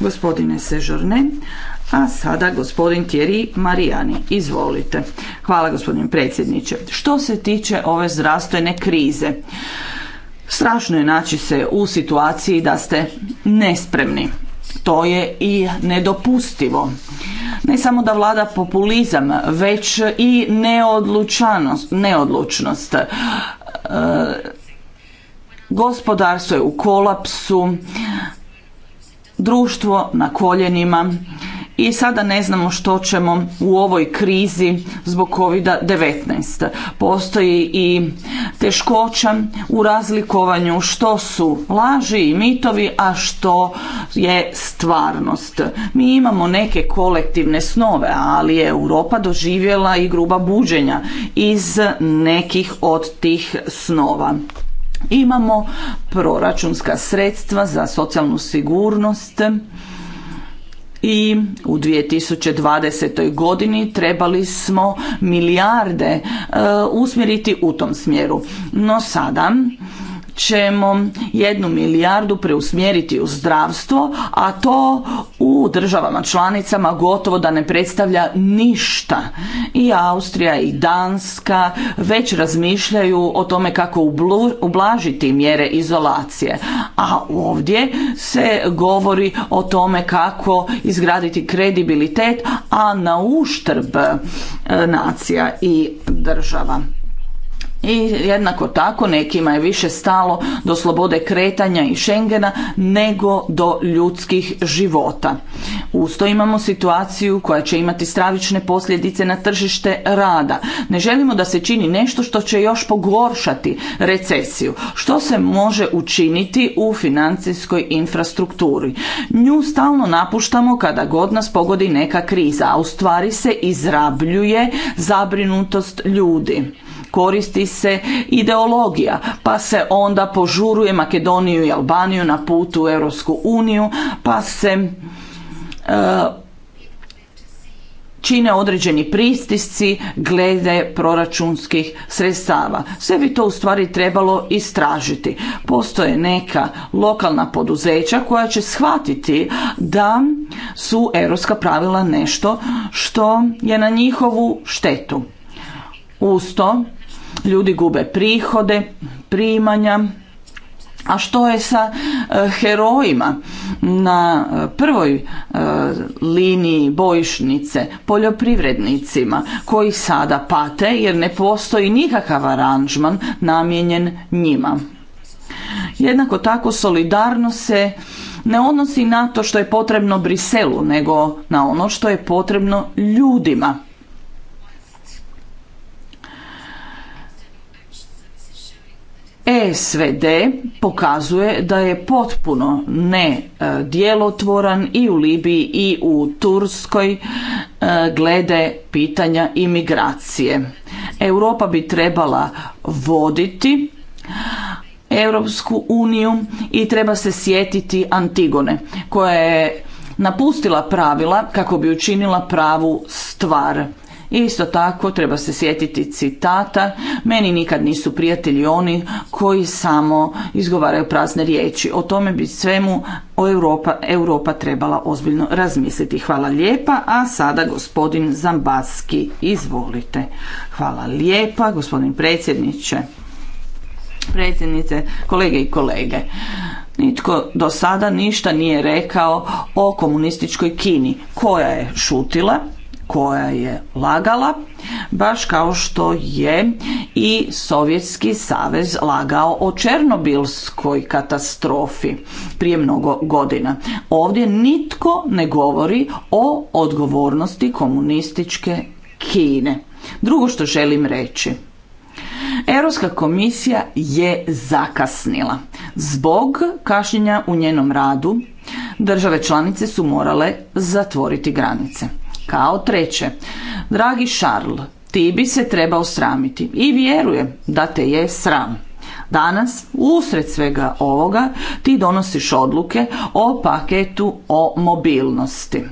gospodine Sežorne. A sada gospodin Thierry Marijani. Izvolite. Hvala gospodine predsjedniče. Što se tiče ove zdravstvene krize, strašno je naći se u situaciji da ste nespremni. To je i nedopustivo. Ne samo da vlada populizam, već i neodlučanost, neodlučnost. E, gospodarstvo je u kolapsu, društvo na koljenima i sada ne znamo što ćemo u ovoj krizi zbog COVID-19. Postoji i teškoća u razlikovanju što su laži i mitovi, a što je stvarnost. Mi imamo neke kolektivne snove, ali je Europa doživjela i gruba buđenja iz nekih od tih snova. Imamo proračunska sredstva za socijalnu sigurnost i u 2020. godini trebali smo milijarde e, usmjeriti u tom smjeru. No sada ćemo jednu milijardu preusmjeriti u zdravstvo, a to u državama članicama gotovo da ne predstavlja ništa. I Austrija i Danska već razmišljaju o tome kako ublažiti mjere izolacije. A ovdje se govori o tome kako izgraditi kredibilitet, a na uštrb e, nacija i država i jednako tako nekima je više stalo do slobode kretanja i Schengena nego do ljudskih života. Usto imamo situaciju koja će imati stravične posljedice na tržište rada. Ne želimo da se čini nešto što će još pogoršati recesiju. Što se može učiniti u financijskoj infrastrukturi? Nju stalno napuštamo kada god nas pogodi neka kriza, a u stvari se izrabljuje zabrinutost ljudi koristi se ideologija, pa se onda požuruje Makedoniju i Albaniju na putu u Europsku uniju, pa se e, čine određeni pristisci glede proračunskih sredstava. Sve bi to u stvari trebalo istražiti. Postoje neka lokalna poduzeća koja će shvatiti da su europska pravila nešto što je na njihovu štetu. Usto ljudi gube prihode, primanja, a što je sa e, herojima na e, prvoj e, liniji bojišnice, poljoprivrednicima koji sada pate jer ne postoji nikakav aranžman namijenjen njima. Jednako tako solidarnost se ne odnosi na to što je potrebno Briselu, nego na ono što je potrebno ljudima ESVD pokazuje da je potpuno nedjelotvoran e, i u Libiji i u Turskoj e, glede pitanja imigracije. Europa bi trebala voditi Europsku uniju i treba se sjetiti Antigone koja je napustila pravila kako bi učinila pravu stvar Isto tako treba se sjetiti citata, meni nikad nisu prijatelji oni koji samo izgovaraju prazne riječi. O tome bi svemu Europa, Europa trebala ozbiljno razmisliti. Hvala lijepa, a sada gospodin Zambaski, izvolite. Hvala lijepa, gospodin predsjedniče predsjednice, kolege i kolege. Nitko do sada ništa nije rekao o komunističkoj Kini, koja je šutila koja je lagala, baš kao što je i Sovjetski savez lagao o Černobilskoj katastrofi prije mnogo godina. Ovdje nitko ne govori o odgovornosti komunističke Kine. Drugo što želim reći, Europska komisija je zakasnila. Zbog kašnjenja u njenom radu države članice su morale zatvoriti granice. Kao treće, dragi Šarl, ti bi se trebao sramiti i vjerujem da te je sram. Danas, usred svega ovoga, ti donosiš odluke o paketu o mobilnosti.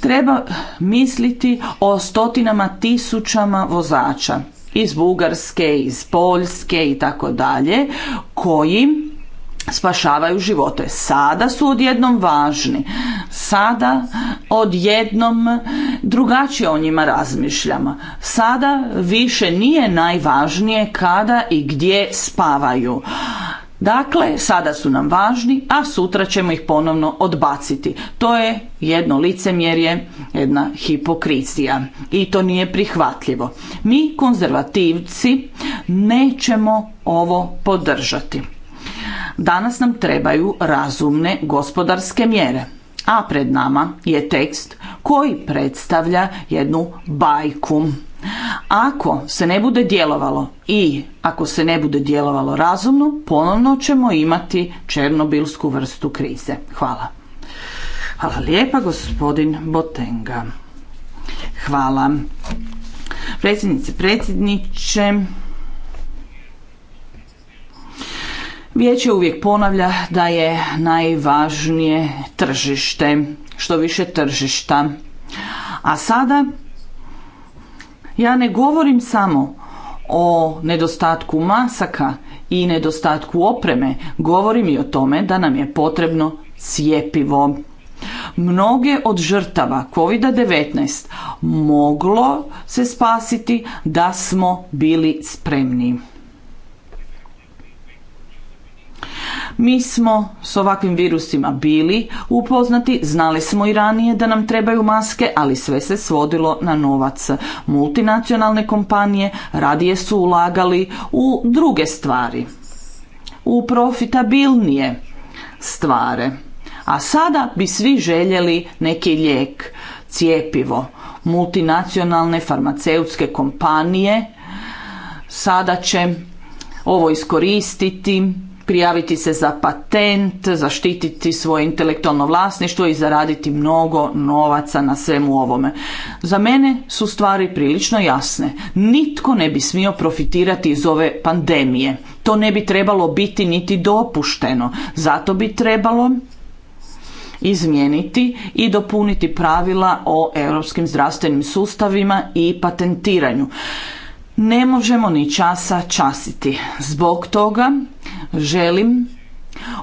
Treba misliti o stotinama tisućama vozača iz Bugarske, iz Poljske i tako dalje, koji spašavaju živote. Sada su odjednom važni. Sada odjednom drugačije o njima razmišljamo. Sada više nije najvažnije kada i gdje spavaju. Dakle, sada su nam važni, a sutra ćemo ih ponovno odbaciti. To je jedno licemjerje, jedna hipokrizija i to nije prihvatljivo. Mi konzervativci nećemo ovo podržati. Danas nam trebaju razumne gospodarske mjere. A pred nama je tekst koji predstavlja jednu bajku. Ako se ne bude djelovalo i ako se ne bude djelovalo razumno, ponovno ćemo imati černobilsku vrstu krize. Hvala. Hvala lijepa gospodin Botenga. Hvala. Predsjednice, predsjedniče, Vijeće uvijek ponavlja da je najvažnije tržište, što više tržišta. A sada ja ne govorim samo o nedostatku masaka i nedostatku opreme, govorim i o tome da nam je potrebno cijepivo. Mnoge od žrtava COVID-19 moglo se spasiti da smo bili spremni. Mi smo s ovakvim virusima bili upoznati, znali smo i ranije da nam trebaju maske, ali sve se svodilo na novac. Multinacionalne kompanije radije su ulagali u druge stvari, u profitabilnije stvare. A sada bi svi željeli neki lijek, cijepivo. Multinacionalne farmaceutske kompanije sada će ovo iskoristiti prijaviti se za patent, zaštititi svoje intelektualno vlasništvo i zaraditi mnogo novaca na svemu ovome. Za mene su stvari prilično jasne. Nitko ne bi smio profitirati iz ove pandemije. To ne bi trebalo biti niti dopušteno. Zato bi trebalo izmijeniti i dopuniti pravila o europskim zdravstvenim sustavima i patentiranju ne možemo ni časa časiti. Zbog toga želim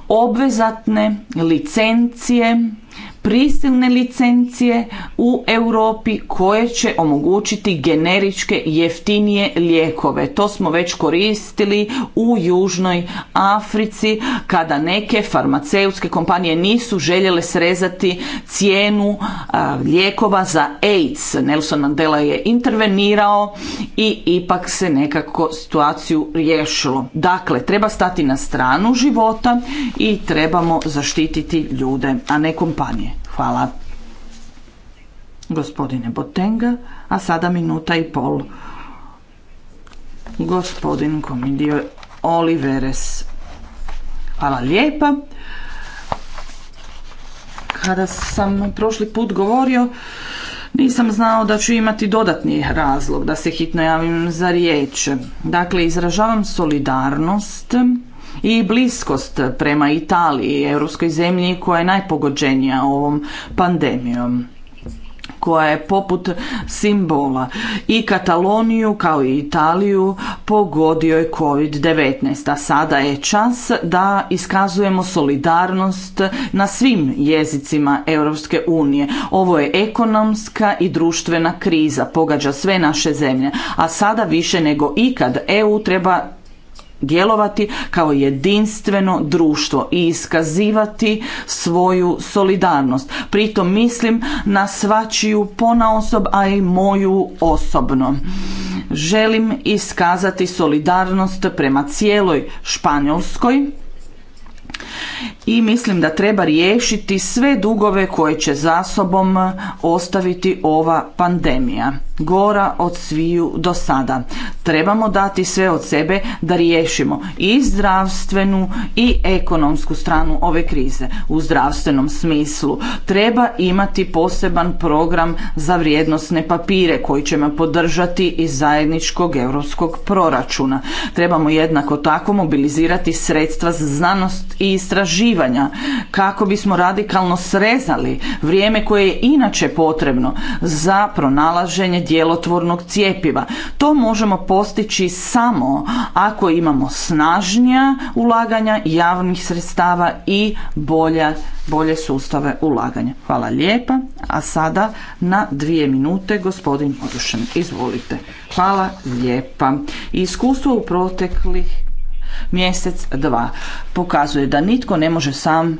obvezatne licencije prisilne licencije u Europi koje će omogućiti generičke jeftinije lijekove. To smo već koristili u Južnoj Africi kada neke farmaceutske kompanije nisu željele srezati cijenu lijekova za AIDS. Nelson Mandela je intervenirao i ipak se nekako situaciju riješilo. Dakle, treba stati na stranu života i trebamo zaštititi ljude, a ne kompanije. Hvala. Gospodine Botenga, a sada minuta i pol. Gospodin komedio Oliveres. Hvala lijepa. Kada sam prošli put govorio, nisam znao da ću imati dodatni razlog da se hitno javim za riječ. Dakle, izražavam solidarnost i bliskost prema Italiji, europskoj zemlji koja je najpogođenija ovom pandemijom koja je poput simbola i Kataloniju kao i Italiju pogodio je COVID-19, a sada je čas da iskazujemo solidarnost na svim jezicima Europske unije. Ovo je ekonomska i društvena kriza, pogađa sve naše zemlje, a sada više nego ikad EU treba djelovati kao jedinstveno društvo i iskazivati svoju solidarnost. Pritom mislim na svačiju osob, a i moju osobno. Želim iskazati solidarnost prema cijeloj Španjolskoj i mislim da treba riješiti sve dugove koje će za sobom ostaviti ova pandemija gora od sviju do sada. Trebamo dati sve od sebe da riješimo i zdravstvenu i ekonomsku stranu ove krize. U zdravstvenom smislu treba imati poseban program za vrijednosne papire koji ćemo podržati iz zajedničkog europskog proračuna. Trebamo jednako tako mobilizirati sredstva za znanost i istraživanja kako bismo radikalno srezali vrijeme koje je inače potrebno za pronalaženje djelotvornog cijepiva. To možemo postići samo ako imamo snažnija ulaganja javnih sredstava i bolja, bolje sustave ulaganja. Hvala lijepa. A sada na dvije minute gospodin Odušen. Izvolite. Hvala lijepa. Iskustvo u proteklih mjesec, dva pokazuje da nitko ne može sam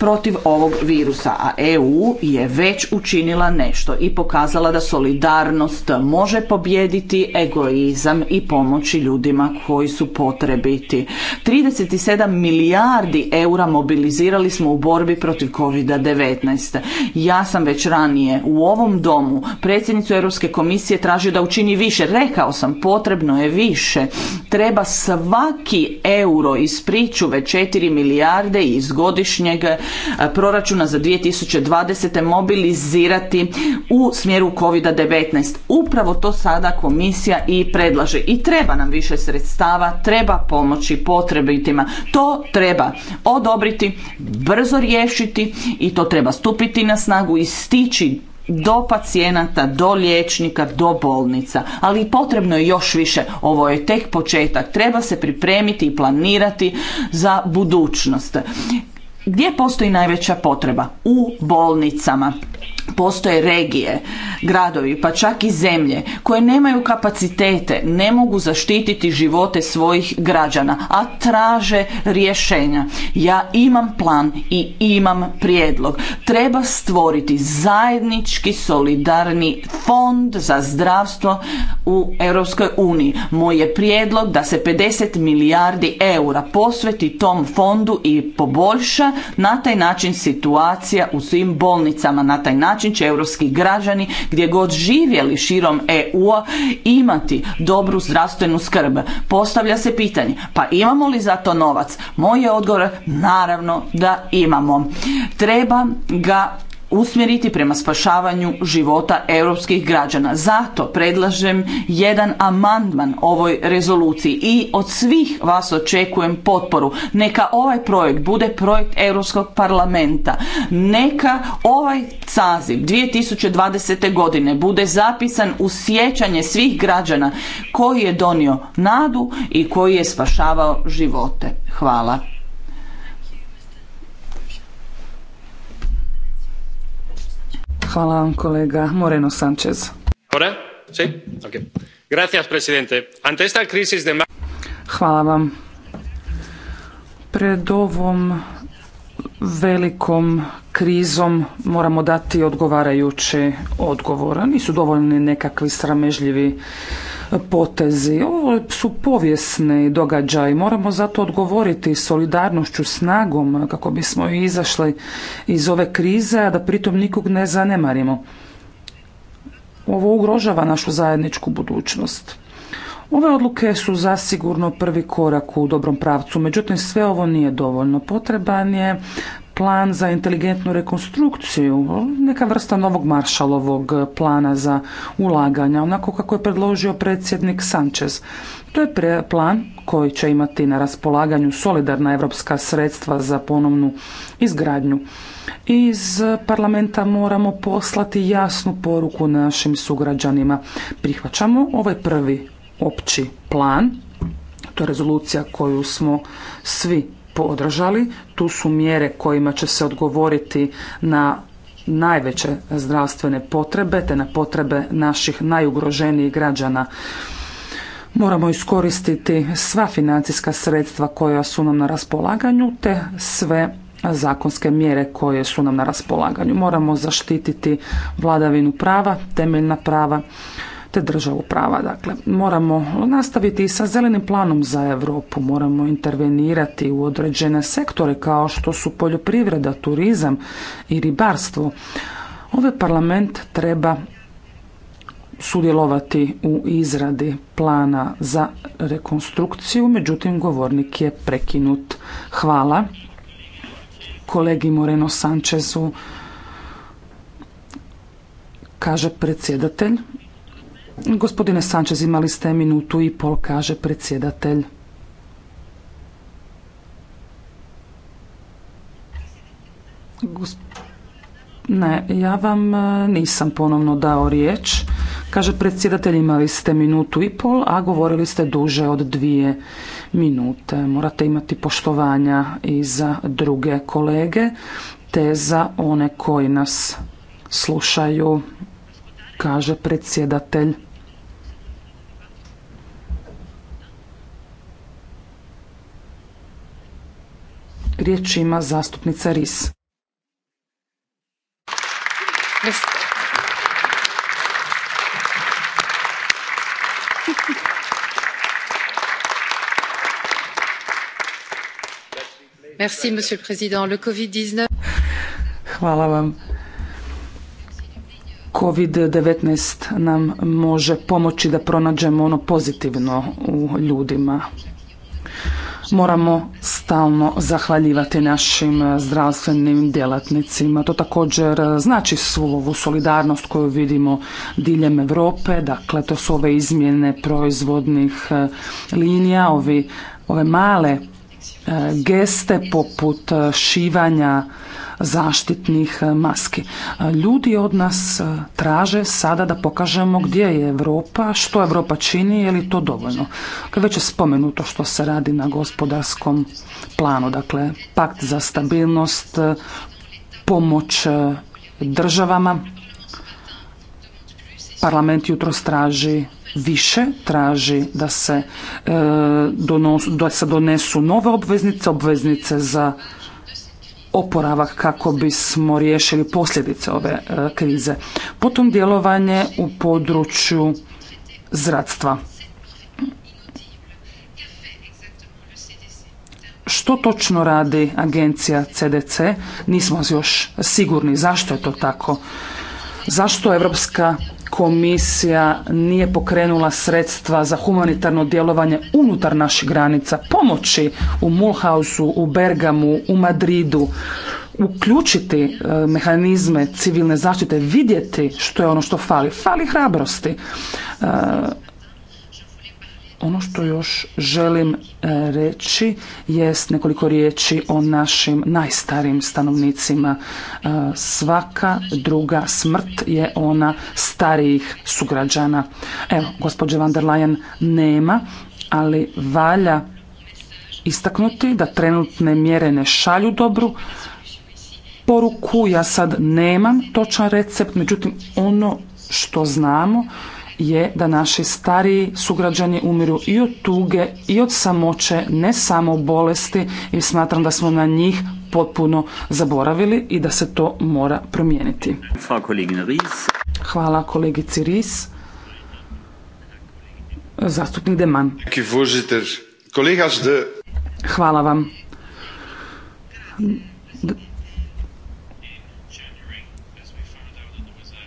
protiv ovog virusa, a EU je već učinila nešto i pokazala da solidarnost može pobijediti egoizam i pomoći ljudima koji su potrebiti. 37 milijardi eura mobilizirali smo u borbi protiv COVID-19. Ja sam već ranije u ovom domu predsjednicu Europske komisije tražio da učini više. Rekao sam, potrebno je više. Treba svaki euro iz pričuve 4 milijarde iz godišnjeg E, proračuna za 2020. mobilizirati u smjeru COVID-19. Upravo to sada komisija i predlaže. I treba nam više sredstava, treba pomoći potrebitima. To treba odobriti, brzo riješiti i to treba stupiti na snagu i stići do pacijenata, do liječnika, do bolnica. Ali potrebno je još više. Ovo je tek početak. Treba se pripremiti i planirati za budućnost. Gdje postoji najveća potreba? U bolnicama postoje regije, gradovi, pa čak i zemlje koje nemaju kapacitete, ne mogu zaštititi živote svojih građana, a traže rješenja. Ja imam plan i imam prijedlog. Treba stvoriti zajednički solidarni fond za zdravstvo u Europskoj uniji. Moj je prijedlog da se 50 milijardi eura posveti tom fondu i poboljša na taj način situacija u svim bolnicama, na taj način način će europski građani gdje god živjeli širom EU-a imati dobru zdravstvenu skrb. Postavlja se pitanje, pa imamo li za to novac? Moj je odgovor, naravno da imamo. Treba ga usmjeriti prema spašavanju života europskih građana. Zato predlažem jedan amandman ovoj rezoluciji i od svih vas očekujem potporu. Neka ovaj projekt bude projekt Europskog parlamenta. Neka ovaj saziv 2020. godine bude zapisan u sjećanje svih građana koji je donio nadu i koji je spašavao živote. Hvala. Hvala vam kolega Moreno Sanchez. Hvala vam. Pred ovom velikom krizom moramo dati odgovarajuće odgovore. Nisu dovoljni nekakvi sramežljivi potezi. Ovo su povijesni događaji. Moramo zato odgovoriti solidarnošću, snagom kako bismo izašli iz ove krize, a da pritom nikog ne zanemarimo. Ovo ugrožava našu zajedničku budućnost. Ove odluke su zasigurno prvi korak u dobrom pravcu, međutim sve ovo nije dovoljno. Potreban je plan za inteligentnu rekonstrukciju, neka vrsta novog maršalovog plana za ulaganja, onako kako je predložio predsjednik Sanchez. To je plan koji će imati na raspolaganju solidarna evropska sredstva za ponovnu izgradnju. Iz parlamenta moramo poslati jasnu poruku našim sugrađanima. Prihvaćamo ovaj prvi opći plan, to je rezolucija koju smo svi podržali. Tu su mjere kojima će se odgovoriti na najveće zdravstvene potrebe te na potrebe naših najugroženijih građana. Moramo iskoristiti sva financijska sredstva koja su nam na raspolaganju te sve zakonske mjere koje su nam na raspolaganju. Moramo zaštititi vladavinu prava, temeljna prava, te državu prava. Dakle, moramo nastaviti i sa zelenim planom za Europu, moramo intervenirati u određene sektore kao što su poljoprivreda, turizam i ribarstvo. Ovaj parlament treba sudjelovati u izradi plana za rekonstrukciju, međutim govornik je prekinut. Hvala kolegi Moreno Sančezu, kaže predsjedatelj. Gospodine Sančez, imali ste minutu i pol, kaže predsjedatelj. Ne, ja vam e, nisam ponovno dao riječ. Kaže predsjedatelj, imali ste minutu i pol, a govorili ste duže od dvije minute. Morate imati poštovanja i za druge kolege, te za one koji nas slušaju, kaže predsjedatelj. Riječ ima zastupnica Ris. Hvala vam. COVID-19 nam može pomoći da pronađemo ono pozitivno u ljudima moramo stalno zahvaljivati našim e, zdravstvenim djelatnicima. To također e, znači svu ovu solidarnost koju vidimo diljem Europe, dakle to su ove izmjene proizvodnih e, linija, ovi, ove male E, geste poput e, šivanja zaštitnih e, maski. Ljudi od nas traže sada da pokažemo gdje je Europa, što Europa čini, je li to dovoljno. već je spomenuto što se radi na gospodarskom planu, dakle pakt za stabilnost, pomoć državama, parlament jutro straži više traži da se, e, da se donesu nove obveznice, obveznice za oporavak kako bismo riješili posljedice ove e, krize. Potom djelovanje u području zdravstva. Što točno radi agencija CDC? Nismo još sigurni zašto je to tako. Zašto Evropska komisija nije pokrenula sredstva za humanitarno djelovanje unutar naših granica, pomoći u Mulhausu, u Bergamu, u Madridu, uključiti e, mehanizme civilne zaštite, vidjeti što je ono što fali. Fali hrabrosti. E, ono što još želim e, reći jest nekoliko riječi o našim najstarijim stanovnicima. E, svaka druga smrt je ona starijih sugrađana. Evo, gospođe van der Leyen nema, ali valja istaknuti da trenutne mjere ne šalju dobru poruku. Ja sad nemam točan recept, međutim ono što znamo je da naši stariji sugrađani umiru i od tuge i od samoće, ne samo bolesti i smatram da smo na njih potpuno zaboravili i da se to mora promijeniti. Hvala kolegici Ris. Zastupnik Deman. Hvala vam.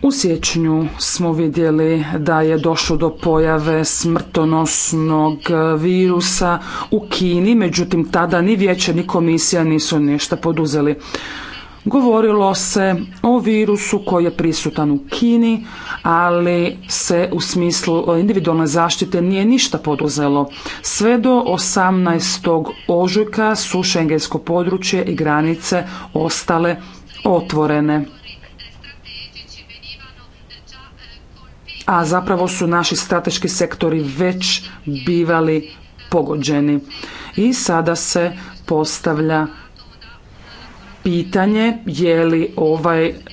U siječnju smo vidjeli da je došlo do pojave smrtonosnog virusa u Kini, međutim tada ni vijeće ni komisija nisu ništa poduzeli. Govorilo se o virusu koji je prisutan u Kini, ali se u smislu individualne zaštite nije ništa poduzelo. Sve do 18. ožujka su šengensko područje i granice ostale otvorene. a zapravo su naši strateški sektori već bivali pogođeni. I sada se postavlja pitanje je li ovaj